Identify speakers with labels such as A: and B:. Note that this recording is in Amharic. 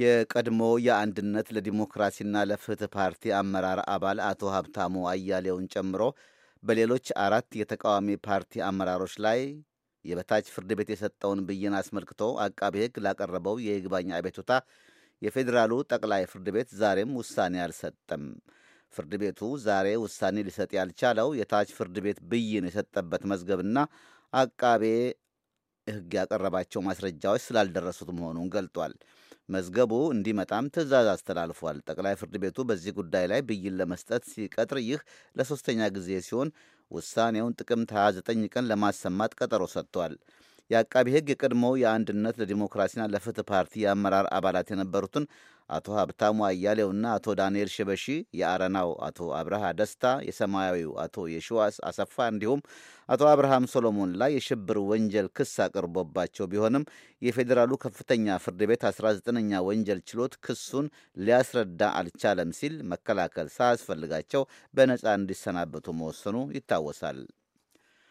A: የቀድሞ የአንድነት ለዲሞክራሲና ለፍትህ ፓርቲ አመራር አባል አቶ ሀብታሙ አያሌውን ጨምሮ በሌሎች አራት የተቃዋሚ ፓርቲ አመራሮች ላይ የበታች ፍርድ ቤት የሰጠውን ብይን አስመልክቶ አቃቤ ሕግ ላቀረበው የይግባኝ አቤቱታ የፌዴራሉ ጠቅላይ ፍርድ ቤት ዛሬም ውሳኔ አልሰጠም። ፍርድ ቤቱ ዛሬ ውሳኔ ሊሰጥ ያልቻለው የታች ፍርድ ቤት ብይን የሰጠበት መዝገብና አቃቤ ሕግ ያቀረባቸው ማስረጃዎች ስላልደረሱት መሆኑን ገልጧል። መዝገቡ እንዲመጣም ትዕዛዝ አስተላልፏል። ጠቅላይ ፍርድ ቤቱ በዚህ ጉዳይ ላይ ብይን ለመስጠት ሲቀጥር ይህ ለሶስተኛ ጊዜ ሲሆን ውሳኔውን ጥቅምት 29 ቀን ለማሰማት ቀጠሮ ሰጥቷል። የአቃቢ ሕግ የቀድሞው የአንድነት ለዲሞክራሲና ለፍትህ ፓርቲ የአመራር አባላት የነበሩትን አቶ ሀብታሙ አያሌውና አቶ ዳንኤል ሽበሺ፣ የአረናው አቶ አብርሃ ደስታ፣ የሰማያዊው አቶ የሽዋስ አሰፋ እንዲሁም አቶ አብርሃም ሶሎሞን ላይ የሽብር ወንጀል ክስ አቅርቦባቸው ቢሆንም የፌዴራሉ ከፍተኛ ፍርድ ቤት 19ኛ ወንጀል ችሎት ክሱን ሊያስረዳ አልቻለም ሲል መከላከል ሳያስፈልጋቸው በነፃ እንዲሰናበቱ መወሰኑ ይታወሳል።